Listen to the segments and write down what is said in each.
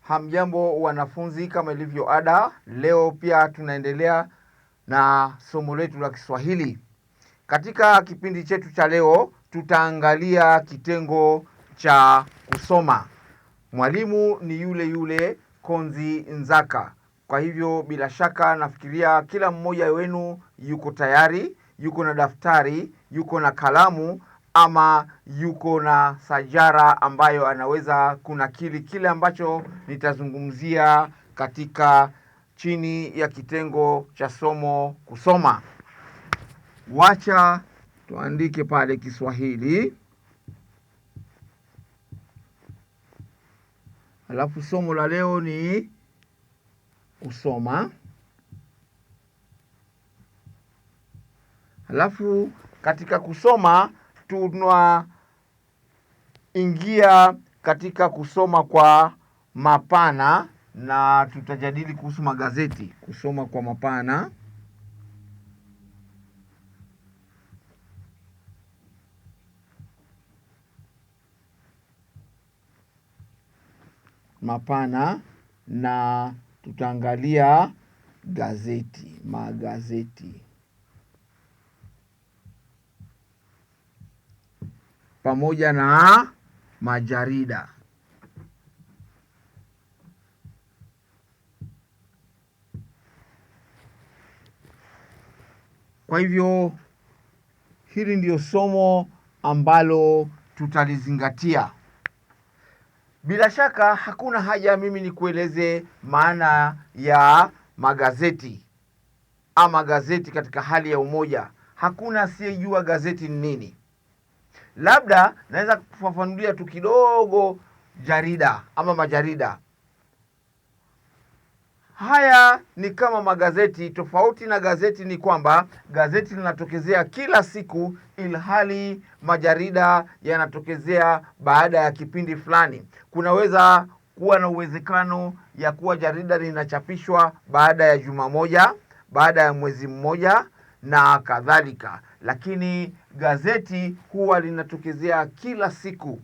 Hamjambo wanafunzi, kama ilivyo ada, leo pia tunaendelea na somo letu la Kiswahili. Katika kipindi chetu cha leo, tutaangalia kitengo cha kusoma. Mwalimu ni yule yule Konzi Nzaka. Kwa hivyo bila shaka nafikiria kila mmoja wenu yuko tayari, yuko na daftari, yuko na kalamu ama yuko na sajara ambayo anaweza kunakili kile ambacho nitazungumzia katika chini ya kitengo cha somo kusoma. Wacha tuandike pale Kiswahili, alafu somo la leo ni kusoma. Alafu katika kusoma tunaingia katika kusoma kwa mapana na tutajadili kuhusu magazeti. Kusoma kwa mapana mapana na tutaangalia gazeti magazeti. pamoja na majarida. Kwa hivyo hili ndiyo somo ambalo tutalizingatia. Bila shaka hakuna haja mimi nikueleze maana ya magazeti ama gazeti katika hali ya umoja. Hakuna asiyejua gazeti ni nini labda naweza kufafanulia tu kidogo jarida ama majarida haya ni kama magazeti. Tofauti na gazeti ni kwamba gazeti linatokezea kila siku, ilhali majarida yanatokezea baada ya kipindi fulani. Kunaweza kuwa na uwezekano ya kuwa jarida linachapishwa baada ya juma moja, baada ya mwezi mmoja na kadhalika lakini gazeti huwa linatokezea kila siku.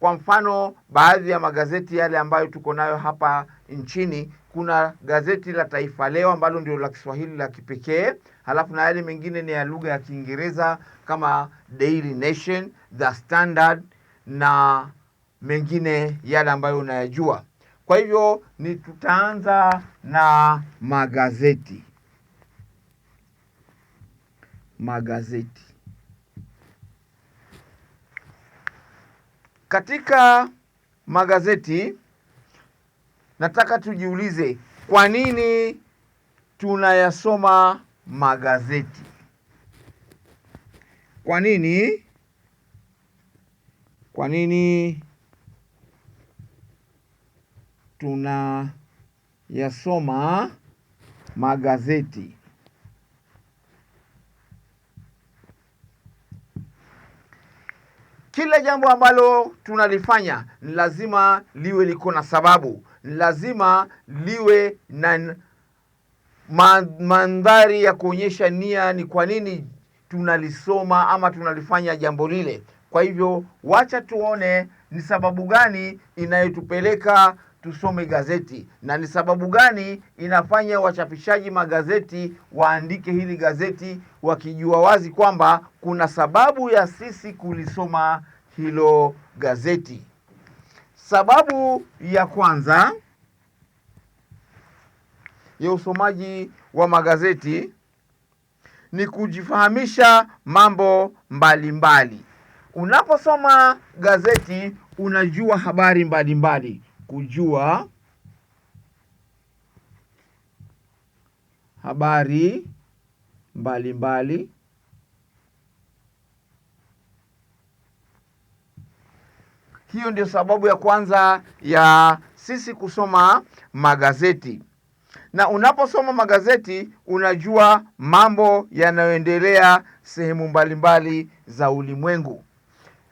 Kwa mfano, baadhi ya magazeti yale ambayo tuko nayo hapa nchini, kuna gazeti la Taifa Leo ambalo ndio la Kiswahili la kipekee, halafu na yale mengine ni ya lugha ya Kiingereza kama Daily Nation, The Standard na mengine yale ambayo unayajua. Kwa hivyo ni tutaanza na magazeti magazeti. Katika magazeti nataka tujiulize kwa nini tunayasoma magazeti? Kwa nini? Kwa nini tunayasoma magazeti? Kila jambo ambalo tunalifanya ni lazima liwe liko na sababu, ni lazima liwe na mandhari ya kuonyesha nia, ni kwa nini tunalisoma ama tunalifanya jambo lile. Kwa hivyo, wacha tuone ni sababu gani inayotupeleka tusome gazeti, na ni sababu gani inafanya wachapishaji magazeti waandike hili gazeti, wakijua wazi kwamba kuna sababu ya sisi kulisoma hilo gazeti. Sababu ya kwanza ya usomaji wa magazeti ni kujifahamisha mambo mbalimbali mbali. Unaposoma gazeti unajua habari mbalimbali mbali kujua habari mbalimbali mbali. Hiyo ndio sababu ya kwanza ya sisi kusoma magazeti. Na unaposoma magazeti unajua mambo yanayoendelea sehemu mbalimbali za ulimwengu.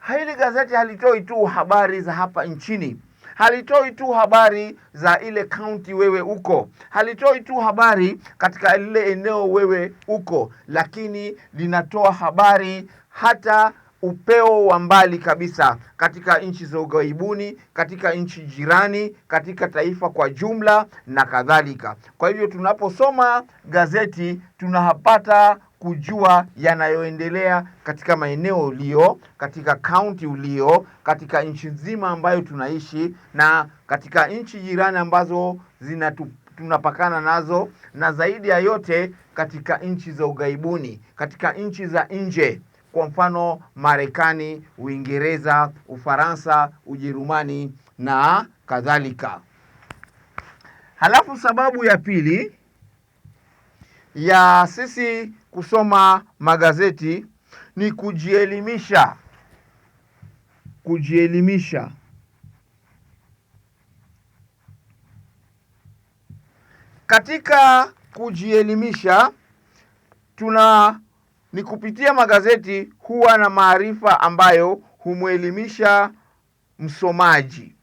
Hili gazeti halitoi tu habari za hapa nchini, halitoi tu habari za ile kaunti wewe uko, halitoi tu habari katika lile eneo wewe uko, lakini linatoa habari hata upeo wa mbali kabisa, katika nchi za ughaibuni, katika nchi jirani, katika taifa kwa jumla na kadhalika. Kwa hivyo tunaposoma gazeti tunapata kujua yanayoendelea katika maeneo ulio, katika kaunti ulio, katika nchi nzima ambayo tunaishi na katika nchi jirani ambazo zinatu tunapakana nazo na zaidi ya yote katika nchi za ughaibuni, katika nchi za nje, kwa mfano Marekani, Uingereza, Ufaransa, Ujerumani na kadhalika. Halafu sababu ya pili ya sisi kusoma magazeti ni kujielimisha, kujielimisha. Katika kujielimisha tuna ni kupitia magazeti huwa na maarifa ambayo humwelimisha msomaji.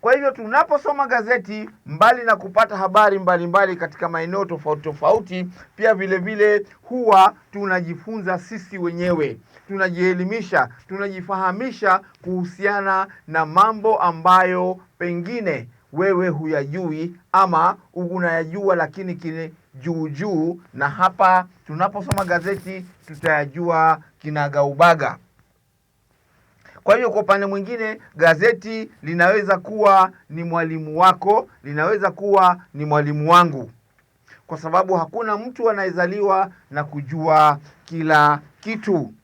Kwa hivyo tunaposoma gazeti, mbali na kupata habari mbalimbali mbali katika maeneo tofauti tofauti, pia vile vile huwa tunajifunza sisi wenyewe, tunajielimisha, tunajifahamisha kuhusiana na mambo ambayo pengine wewe huyajui ama unayajua lakini kile juu juu, na hapa tunaposoma gazeti tutayajua kinagaubaga. Kwa hiyo kwa upande mwingine, gazeti linaweza kuwa ni mwalimu wako, linaweza kuwa ni mwalimu wangu, kwa sababu hakuna mtu anayezaliwa na kujua kila kitu.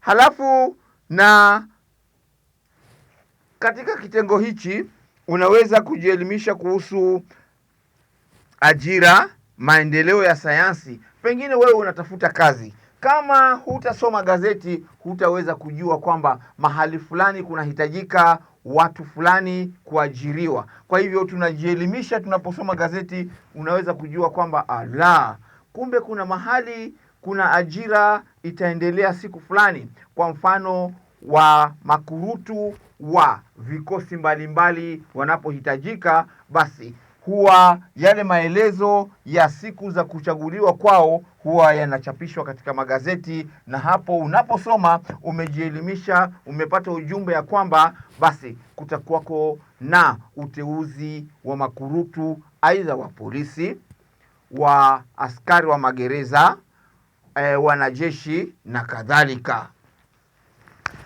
Halafu na katika kitengo hichi unaweza kujielimisha kuhusu ajira, maendeleo ya sayansi. Pengine wewe unatafuta kazi, kama hutasoma gazeti, hutaweza kujua kwamba mahali fulani kunahitajika watu fulani kuajiriwa. Kwa hivyo tunajielimisha tunaposoma gazeti, unaweza kujua kwamba ala, kumbe kuna mahali kuna ajira itaendelea siku fulani, kwa mfano wa makurutu wa vikosi mbalimbali wanapohitajika, basi huwa yale maelezo ya siku za kuchaguliwa kwao huwa yanachapishwa katika magazeti, na hapo unaposoma umejielimisha, umepata ujumbe ya kwamba basi kutakuwako na uteuzi wa makurutu, aidha wa polisi, wa askari wa magereza, e, wanajeshi na kadhalika.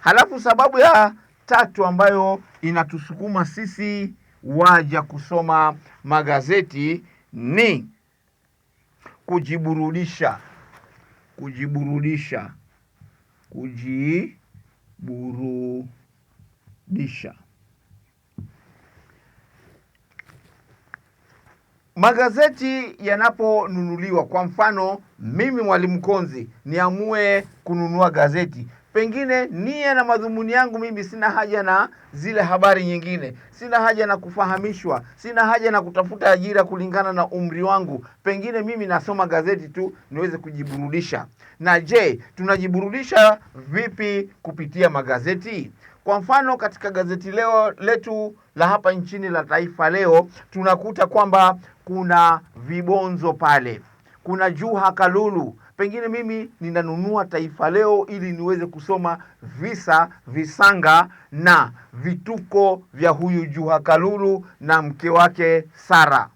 Halafu sababu ya tatu ambayo inatusukuma sisi waja kusoma magazeti ni kujiburudisha kujiburudisha kujiburudisha magazeti yanaponunuliwa kwa mfano mimi mwalimu konzi niamue kununua gazeti pengine nia na madhumuni yangu mimi, sina haja na zile habari nyingine, sina haja na kufahamishwa, sina haja na kutafuta ajira kulingana na umri wangu. Pengine mimi nasoma gazeti tu niweze kujiburudisha. Na je, tunajiburudisha vipi kupitia magazeti? Kwa mfano katika gazeti leo letu la hapa nchini la Taifa Leo tunakuta kwamba kuna vibonzo pale, kuna Juha Kalulu pengine mimi ninanunua Taifa Leo ili niweze kusoma visa, visanga na vituko vya huyu Juha Kalulu na mke wake Sara.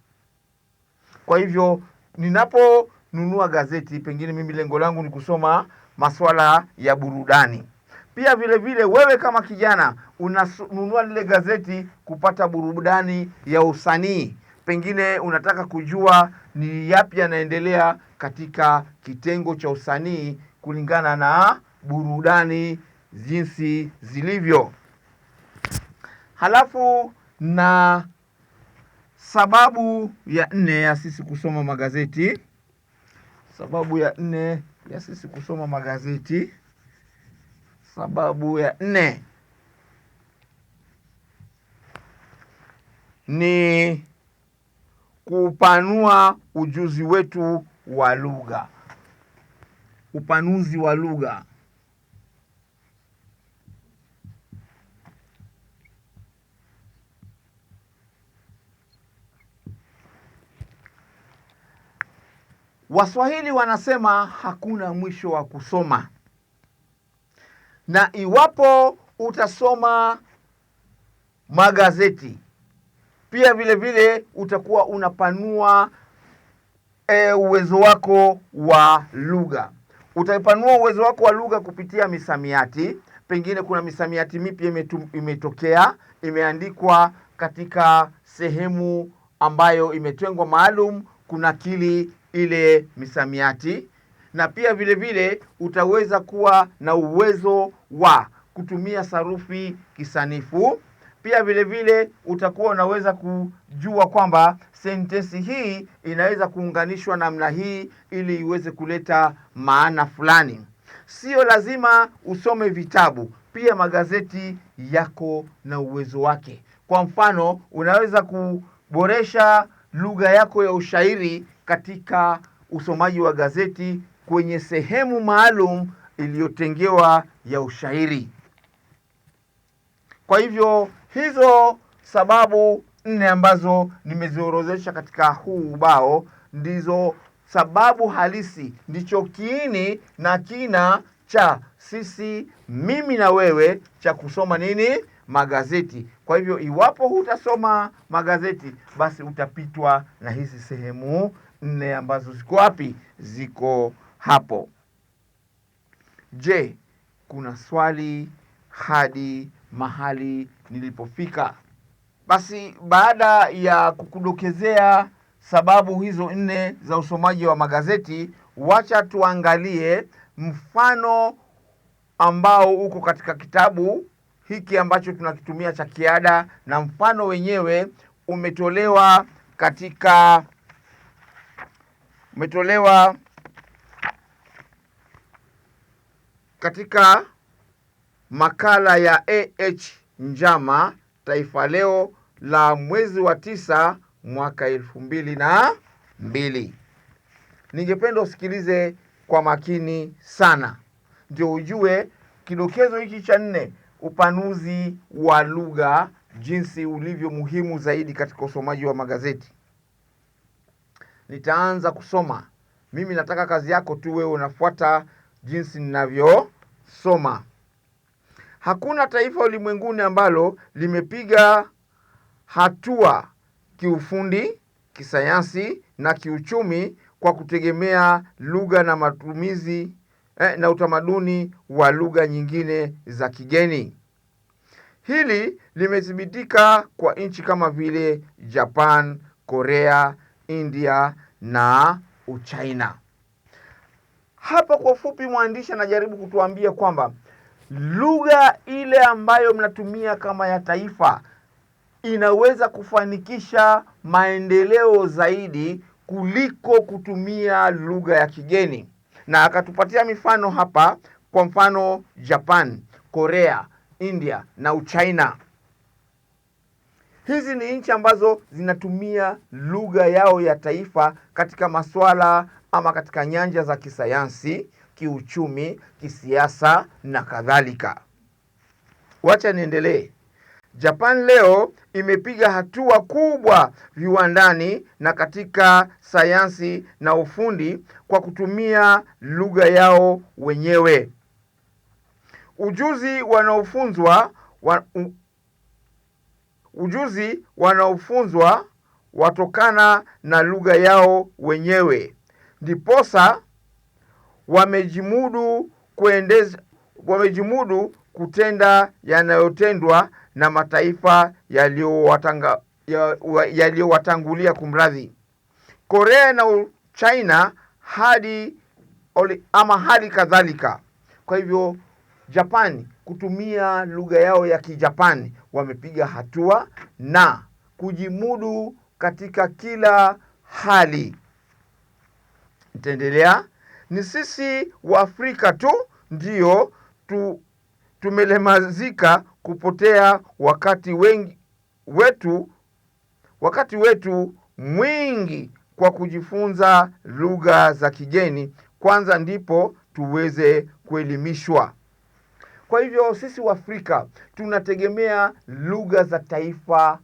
Kwa hivyo ninaponunua gazeti, pengine mimi lengo langu ni kusoma maswala ya burudani. Pia vile vile wewe kama kijana unanunua lile gazeti kupata burudani ya usanii, pengine unataka kujua ni yapi yanaendelea katika kitengo cha usanii kulingana na burudani jinsi zilivyo. Halafu na sababu ya nne ya sisi kusoma magazeti, sababu ya nne ya sisi kusoma magazeti, sababu ya nne ni kupanua ujuzi wetu wa lugha, upanuzi wa lugha. Waswahili wanasema hakuna mwisho wa kusoma, na iwapo utasoma magazeti pia vile vile utakuwa unapanua e, uwezo wako wa lugha. Utaipanua uwezo wako wa lugha kupitia misamiati. Pengine kuna misamiati mipya imetokea, imeandikwa katika sehemu ambayo imetengwa maalum kunakili ile misamiati, na pia vile vile utaweza kuwa na uwezo wa kutumia sarufi kisanifu pia vile vile utakuwa unaweza kujua kwamba sentensi hii inaweza kuunganishwa namna hii ili iweze kuleta maana fulani. Sio lazima usome vitabu, pia magazeti yako na uwezo wake. Kwa mfano, unaweza kuboresha lugha yako ya ushairi katika usomaji wa gazeti kwenye sehemu maalum iliyotengewa ya ushairi. Kwa hivyo Hizo sababu nne ambazo nimeziorozesha katika huu ubao ndizo sababu halisi, ndicho kiini na kina cha sisi, mimi na wewe, cha kusoma nini? Magazeti. Kwa hivyo, iwapo hutasoma magazeti, basi utapitwa na hizi sehemu nne ambazo ziko wapi? Ziko hapo. Je, kuna swali hadi mahali nilipofika. Basi baada ya kukudokezea sababu hizo nne za usomaji wa magazeti, wacha tuangalie mfano ambao uko katika kitabu hiki ambacho tunakitumia cha kiada, na mfano wenyewe umetolewa katika umetolewa katika makala ya AH njama Taifa Leo la mwezi wa tisa mwaka elfu mbili na mbili. Ningependa usikilize kwa makini sana, ndio ujue kidokezo hiki cha nne, upanuzi wa lugha, jinsi ulivyo muhimu zaidi katika usomaji wa magazeti. Nitaanza kusoma mimi, nataka kazi yako tu wewe unafuata jinsi ninavyosoma. Hakuna taifa ulimwenguni ambalo limepiga hatua kiufundi, kisayansi na kiuchumi kwa kutegemea lugha na matumizi eh, na utamaduni wa lugha nyingine za kigeni. Hili limethibitika kwa nchi kama vile Japan, Korea, India na Uchina. Hapa kwa ufupi, mwandishi anajaribu kutuambia kwamba lugha ile ambayo mnatumia kama ya taifa inaweza kufanikisha maendeleo zaidi kuliko kutumia lugha ya kigeni, na akatupatia mifano hapa, kwa mfano Japan, Korea, India na Uchina. Hizi ni nchi ambazo zinatumia lugha yao ya taifa katika masuala ama katika nyanja za kisayansi, kiuchumi, kisiasa na kadhalika. Wacha niendelee. Japan leo imepiga hatua kubwa viwandani na katika sayansi na ufundi kwa kutumia lugha yao wenyewe. Ujuzi wanaofunzwa wa, ujuzi wanaofunzwa watokana na lugha yao wenyewe ndiposa wamejimudu kuendeza, wamejimudu kutenda yanayotendwa na mataifa yaliyowatangulia ya, ya kumradhi Korea na China hadi ama hali kadhalika. Kwa hivyo Japani kutumia lugha yao ya Kijapani wamepiga hatua na kujimudu katika kila hali. Nitaendelea ni sisi wa afrika tu ndio tu, tumelemazika kupotea wakati wengi wetu wakati wetu mwingi kwa kujifunza lugha za kigeni kwanza, ndipo tuweze kuelimishwa. Kwa hivyo sisi wa afrika tunategemea lugha za taifa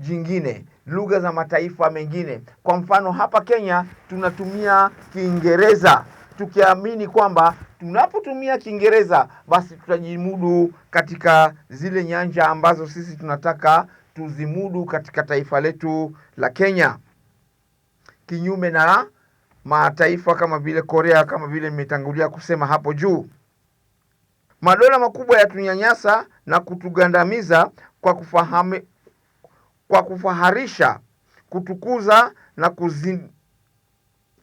jingine, lugha za mataifa mengine. Kwa mfano, hapa Kenya tunatumia Kiingereza tukiamini kwamba tunapotumia Kiingereza basi tutajimudu katika zile nyanja ambazo sisi tunataka tuzimudu katika taifa letu la Kenya, kinyume na mataifa kama vile Korea, kama vile nimetangulia kusema hapo juu. Madola makubwa yatunyanyasa na kutugandamiza kwa kufahamu kwa kufaharisha, kutukuza na kuzi,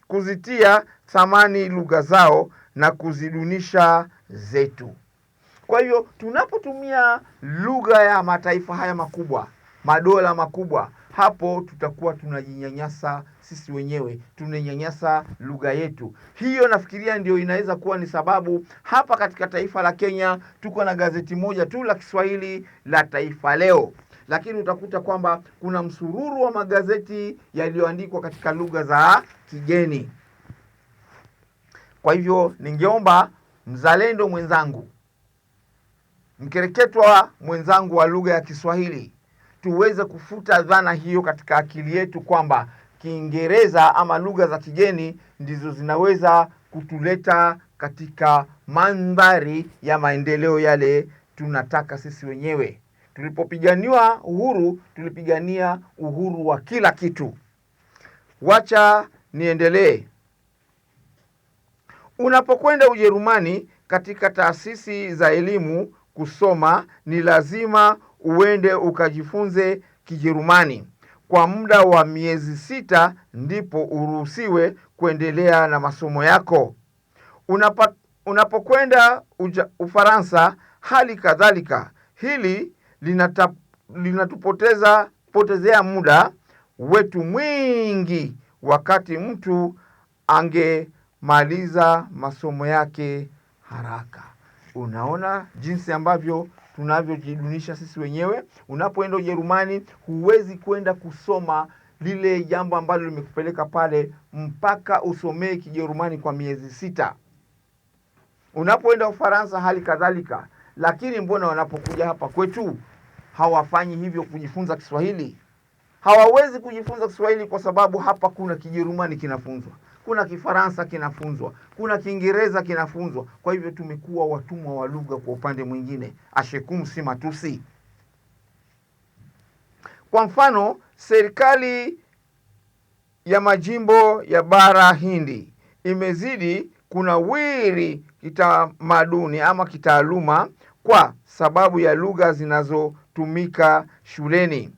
kuzitia thamani lugha zao na kuzidunisha zetu. Kwa hiyo tunapotumia lugha ya mataifa haya makubwa, madola makubwa, hapo tutakuwa tunajinyanyasa sisi wenyewe, tunanyanyasa lugha yetu. Hiyo nafikiria ndio inaweza kuwa ni sababu hapa katika taifa la Kenya tuko na gazeti moja tu la Kiswahili la Taifa Leo lakini utakuta kwamba kuna msururu wa magazeti yaliyoandikwa katika lugha za kigeni. Kwa hivyo, ningeomba mzalendo mwenzangu, mkereketwa mwenzangu wa lugha ya Kiswahili, tuweze kufuta dhana hiyo katika akili yetu kwamba Kiingereza ama lugha za kigeni ndizo zinaweza kutuleta katika mandhari ya maendeleo yale tunataka sisi wenyewe. Tulipopiganiwa uhuru, tulipigania uhuru wa kila kitu. Wacha niendelee. Unapokwenda Ujerumani katika taasisi za elimu kusoma, ni lazima uende ukajifunze Kijerumani kwa muda wa miezi sita, ndipo uruhusiwe kuendelea na masomo yako. unapokwenda Ufaransa hali kadhalika. Hili linatupotezea linatupoteza potezea muda wetu mwingi, wakati mtu angemaliza masomo yake haraka. Unaona jinsi ambavyo tunavyojidunisha sisi wenyewe. Unapoenda Ujerumani, huwezi kwenda kusoma lile jambo ambalo limekupeleka pale mpaka usomee Kijerumani kwa miezi sita. Unapoenda Ufaransa, hali kadhalika. Lakini mbona wanapokuja hapa kwetu hawafanyi hivyo kujifunza Kiswahili? Hawawezi kujifunza Kiswahili kwa sababu hapa kuna Kijerumani kinafunzwa, kuna Kifaransa kinafunzwa, kuna Kiingereza kinafunzwa. Kwa hivyo tumekuwa watumwa wa lugha kwa upande mwingine, ashekum si matusi. Kwa mfano, serikali ya majimbo ya bara Hindi imezidi kunawiri kitamaduni ama kitaaluma kwa sababu ya lugha zinazotumika shuleni.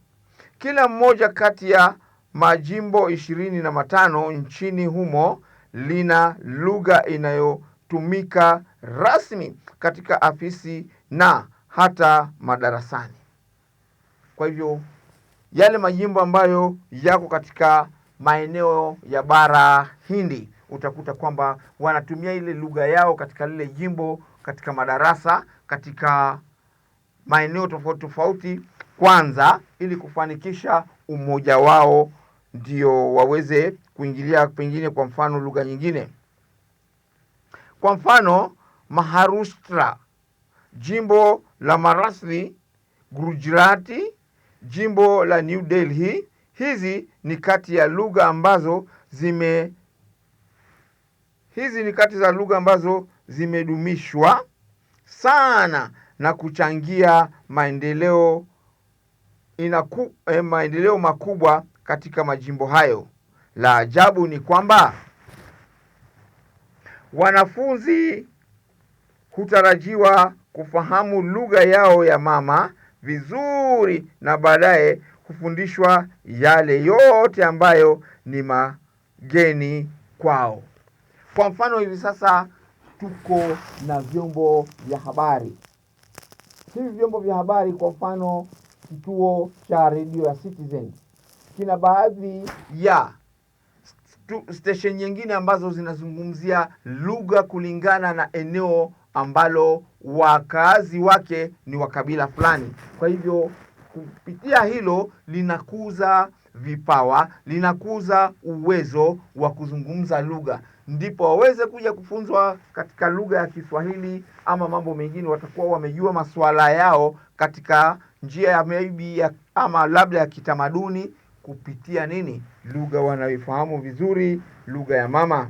Kila mmoja kati ya majimbo ishirini na matano nchini humo lina lugha inayotumika rasmi katika afisi na hata madarasani. Kwa hivyo yale majimbo ambayo yako katika maeneo ya bara Hindi utakuta kwamba wanatumia ile lugha yao katika lile jimbo, katika madarasa katika maeneo tofauti tofauti kwanza, ili kufanikisha umoja wao, ndio waweze kuingilia pengine, kwa mfano, lugha nyingine. Kwa mfano, Maharashtra, jimbo la Maharashtra, Gujarati, jimbo la New Delhi. Hizi ni kati ya lugha ambazo zime hizi ni kati za lugha ambazo zimedumishwa sana na kuchangia maendeleo, inaku, eh, maendeleo makubwa katika majimbo hayo. La ajabu ni kwamba wanafunzi hutarajiwa kufahamu lugha yao ya mama vizuri na baadaye hufundishwa yale yote ambayo ni mageni kwao. Kwa mfano hivi sasa tuko na vyombo vya habari. Hivi vyombo vya habari, kwa mfano, kituo cha redio ya Citizen kina baadhi ya station nyingine ambazo zinazungumzia lugha kulingana na eneo ambalo wakaazi wake ni wa kabila fulani. Kwa hivyo kupitia hilo linakuza vipawa, linakuza uwezo wa kuzungumza lugha, ndipo waweze kuja kufunzwa katika lugha ya Kiswahili ama mambo mengine, watakuwa wamejua masuala yao katika njia ya maybe ya, ama labda ya kitamaduni kupitia nini, lugha wanayoifahamu vizuri, lugha ya mama.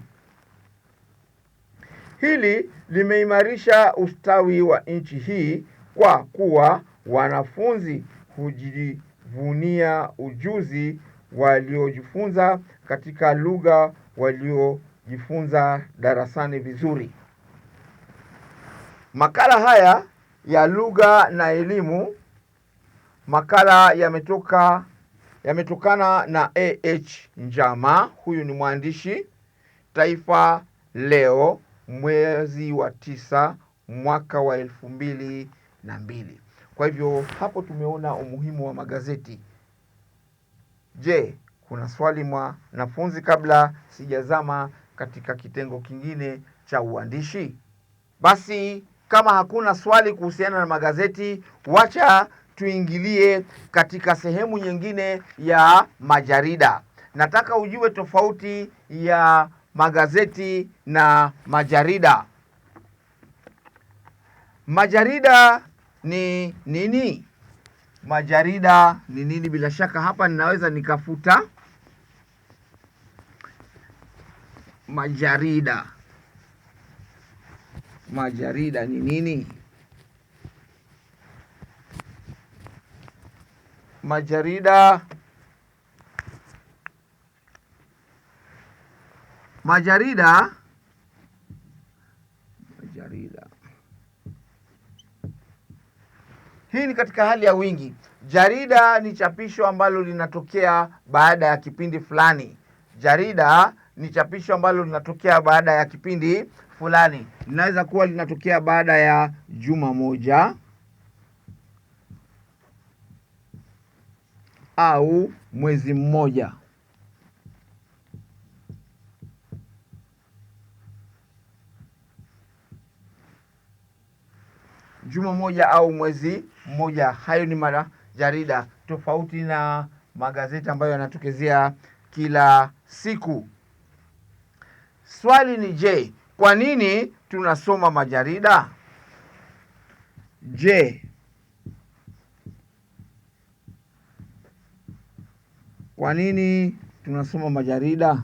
Hili limeimarisha ustawi wa nchi hii kwa kuwa wanafunzi huji kujivunia ujuzi waliojifunza katika lugha waliojifunza darasani vizuri. Makala haya ya lugha na elimu, makala yametoka yametokana na A.H. Njama, huyu ni mwandishi. Taifa Leo, mwezi wa tisa mwaka wa elfu mbili na mbili. Kwa hivyo hapo tumeona umuhimu wa magazeti. Je, kuna swali mwanafunzi kabla sijazama katika kitengo kingine cha uandishi? Basi kama hakuna swali kuhusiana na magazeti, wacha tuingilie katika sehemu nyingine ya majarida. Nataka ujue tofauti ya magazeti na majarida. Majarida ni nini? Majarida ni nini? Bila shaka hapa ninaweza nikafuta majarida. Majarida ni nini? Majarida, majarida Hii ni katika hali ya wingi. Jarida ni chapisho ambalo linatokea baada ya kipindi fulani. Jarida ni chapisho ambalo linatokea baada ya kipindi fulani, linaweza kuwa linatokea baada ya juma moja au mwezi mmoja. Juma moja au mwezi moja. Hayo ni majarida tofauti na magazeti ambayo yanatokezea kila siku. Swali ni je, kwa nini tunasoma majarida? Je, kwa nini tunasoma majarida?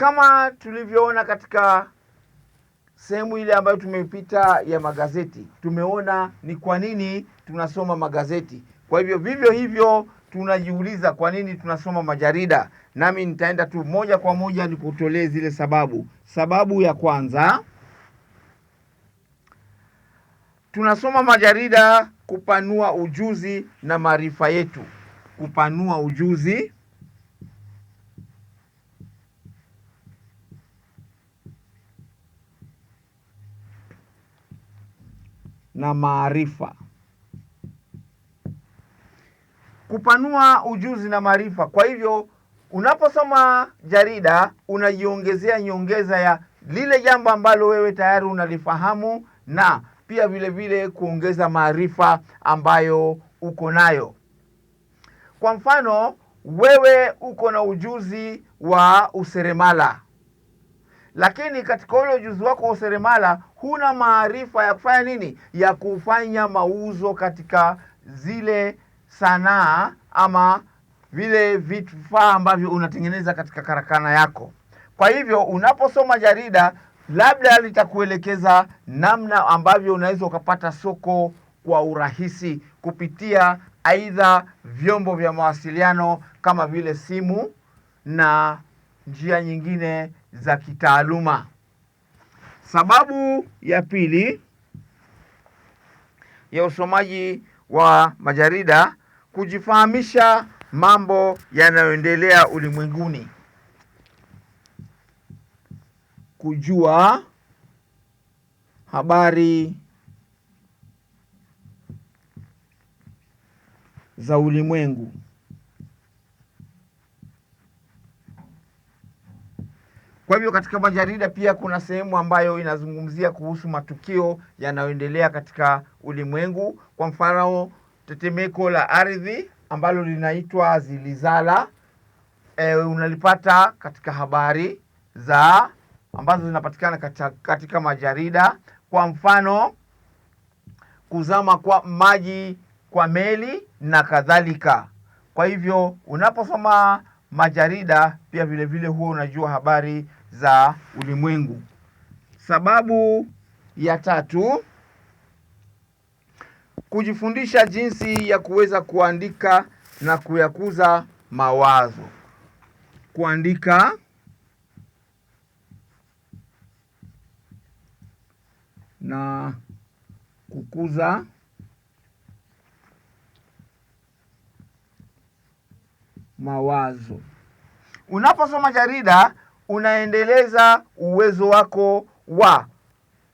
Kama tulivyoona katika sehemu ile ambayo tumepita ya magazeti, tumeona ni kwa nini tunasoma magazeti. Kwa hivyo vivyo hivyo tunajiuliza kwa nini tunasoma majarida, nami nitaenda tu moja kwa moja nikutolee zile sababu. Sababu ya kwanza, tunasoma majarida kupanua ujuzi na maarifa yetu, kupanua ujuzi na maarifa. Kupanua ujuzi na maarifa. Kwa hivyo unaposoma jarida unajiongezea nyongeza ya lile jambo ambalo wewe tayari unalifahamu na pia vile vile kuongeza maarifa ambayo uko nayo. Kwa mfano, wewe uko na ujuzi wa useremala lakini katika ule ujuzi wako wa useremala huna maarifa ya kufanya nini, ya kufanya mauzo katika zile sanaa ama vile vifaa ambavyo unatengeneza katika karakana yako. Kwa hivyo unaposoma jarida, labda litakuelekeza namna ambavyo unaweza ukapata soko kwa urahisi kupitia aidha vyombo vya mawasiliano kama vile simu na njia nyingine za kitaaluma. Sababu ya pili ya usomaji wa majarida kujifahamisha mambo yanayoendelea ulimwenguni, kujua habari za ulimwengu. Kwa hivyo katika majarida pia kuna sehemu ambayo inazungumzia kuhusu matukio yanayoendelea katika ulimwengu, kwa mfano tetemeko la ardhi ambalo linaitwa zilizala. E, unalipata katika habari za ambazo zinapatikana katika, katika majarida. Kwa mfano kuzama kwa maji kwa meli na kadhalika. Kwa hivyo unaposoma majarida pia vilevile huwa unajua habari za ulimwengu. Sababu ya tatu, kujifundisha jinsi ya kuweza kuandika na kuyakuza mawazo. Kuandika na kukuza mawazo. Unaposoma jarida unaendeleza uwezo wako wa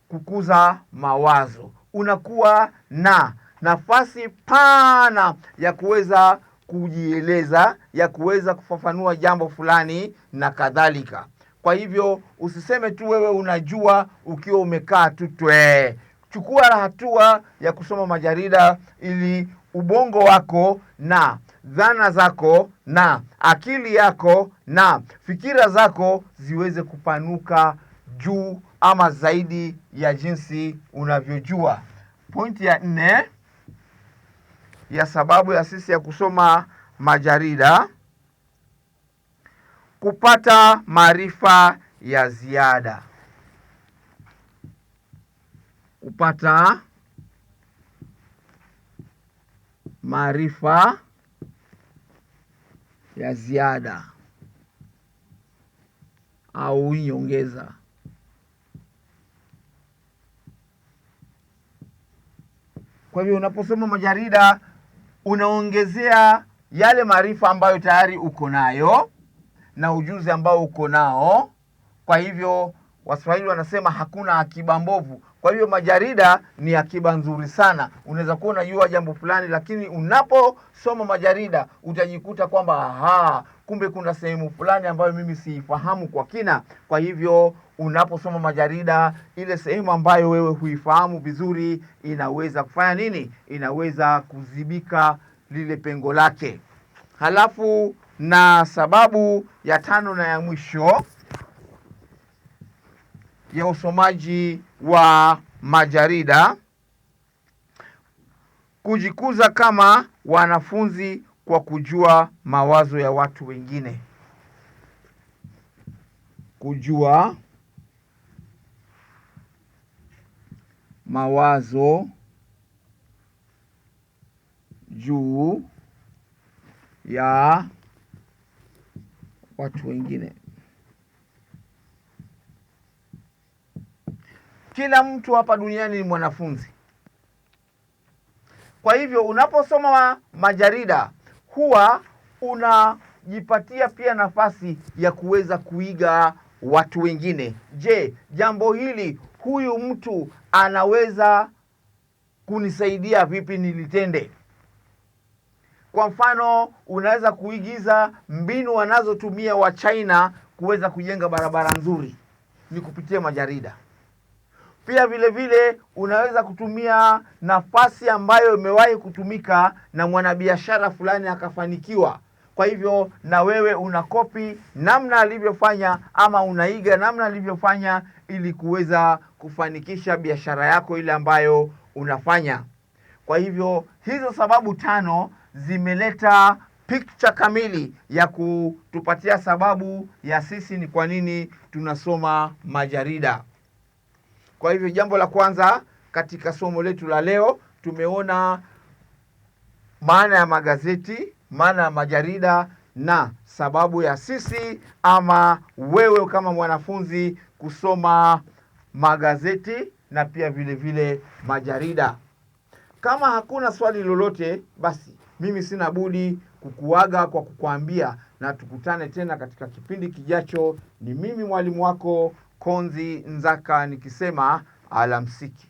kukuza mawazo unakuwa na nafasi pana ya kuweza kujieleza ya kuweza kufafanua jambo fulani na kadhalika kwa hivyo usiseme tu wewe unajua ukiwa umekaa tu twee chukua la hatua ya kusoma majarida ili ubongo wako na dhana zako na akili yako na fikira zako ziweze kupanuka juu ama zaidi ya jinsi unavyojua. Pointi ya nne ya sababu ya sisi ya kusoma majarida, kupata maarifa ya ziada kupata maarifa ya ziada au nyongeza. Kwa hivyo unaposoma majarida unaongezea yale maarifa ambayo tayari uko nayo na ujuzi ambao uko nao. Kwa hivyo Waswahili wanasema hakuna akiba mbovu. Kwa hiyo majarida ni akiba nzuri sana. Unaweza kuwa unajua jambo fulani, lakini unaposoma majarida utajikuta kwamba aha, kumbe kuna sehemu fulani ambayo mimi siifahamu kwa kina. Kwa hivyo unaposoma majarida, ile sehemu ambayo wewe huifahamu vizuri inaweza kufanya nini? Inaweza kuzibika lile pengo lake. Halafu na sababu ya tano na ya mwisho ya usomaji wa majarida kujikuza kama wanafunzi kwa kujua mawazo ya watu wengine, kujua mawazo juu ya watu wengine. Kila mtu hapa duniani ni mwanafunzi. Kwa hivyo unaposoma majarida huwa unajipatia pia nafasi ya kuweza kuiga watu wengine. Je, jambo hili huyu mtu anaweza kunisaidia vipi nilitende? Kwa mfano, unaweza kuigiza mbinu wanazotumia wa China kuweza kujenga barabara nzuri, ni kupitia majarida. Pia vile vile unaweza kutumia nafasi ambayo imewahi kutumika na mwanabiashara fulani akafanikiwa. Kwa hivyo na wewe unakopi namna alivyofanya ama unaiga namna alivyofanya ili kuweza kufanikisha biashara yako ile ambayo unafanya. Kwa hivyo hizo sababu tano zimeleta picha kamili ya kutupatia sababu ya sisi ni kwa nini tunasoma majarida. Kwa hivyo jambo la kwanza katika somo letu la leo tumeona maana ya magazeti, maana ya majarida na sababu ya sisi ama wewe kama mwanafunzi kusoma magazeti na pia vile vile majarida. Kama hakuna swali lolote, basi mimi sina budi kukuaga kwa kukuambia na tukutane tena katika kipindi kijacho. Ni mimi mwalimu wako Konzi Nzaka nikisema alamsiki.